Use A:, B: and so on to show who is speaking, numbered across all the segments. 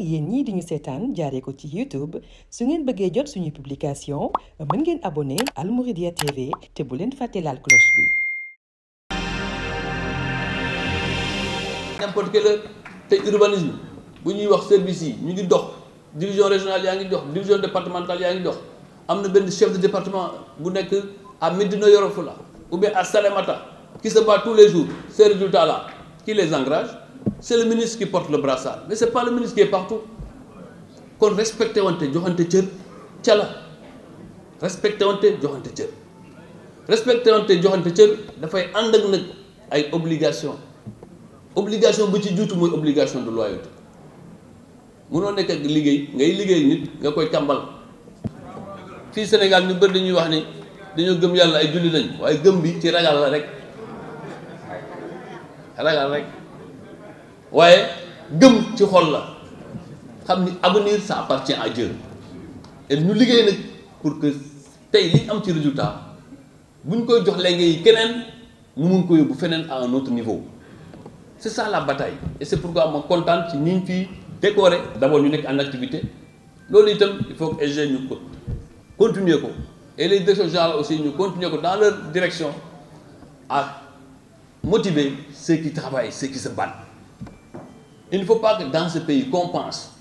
A: yéen ñii diñu seetaan jaaree ko ci YouTube su ngeen bëggee jot suñuy publication mën ngeen abonné Al Mouridiyyah TV te bu leen fàtte laal cloche bi.
B: n'importe quel te urbanisme bu ñuy wax service yi ñu ngi dox division régionale yaa ngi dox division départementale yaa ngi dox am na benn chef de département bu nekk à Médina Yoro Foulah ou bien à Salémata qui se bat tous les jours ces résultats là qui les engage c'est le ministre qui porte le brassard mais c'est pas le ministre qui partout kon respecté wante joxante cër ca la respecté wante joxante cër respecté wante joxante cër dafay ànd ak nag ay obligation obligation bu ci juutu mooy obligation de loyauté munoo nekk ak liggéey ngay liggéey nit nga koy kàmbal fii Sénégal ñu bari dañuy wax ni dañoo gëm yàlla ay julli lañ waaye gëm bi ci ragal la rek ragal rek waaye gëm ci xool la xam ni avenir ça appartient à Dieu et ñu liggéey nag pour que tey li am ci résultat buñ koy jox léegi yi keneen mu mun ko yóbbu feneen à un autre niveau c'est ça la bataille et c'est pourquoi ma kontaan ci ñi ñu fii décorer d'abord ñu nekk en activité loolu itam il faut que SG ñu ko continuer ko et les directions générales aussi ñu continuer ko dans leur direction à motiver ceux qui travaillent ceux qui se battent il ne faut pas dans ce pays qu'on pense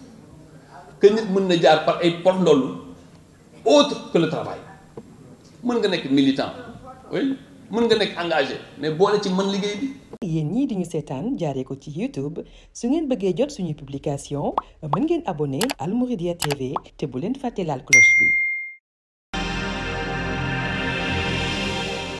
B: nit mën na jaar par ay port ndollu autre que le travail mën nga nekk militant oui mën nga nekk engagé mais boole ci mën liggéey
A: bi. yéen ñii di seetaan jaaree ko ci YouTube su ngeen bëggee jot suñuy publication mën ngeen abonné Al TV te bu leen fàtte laal cloche bi.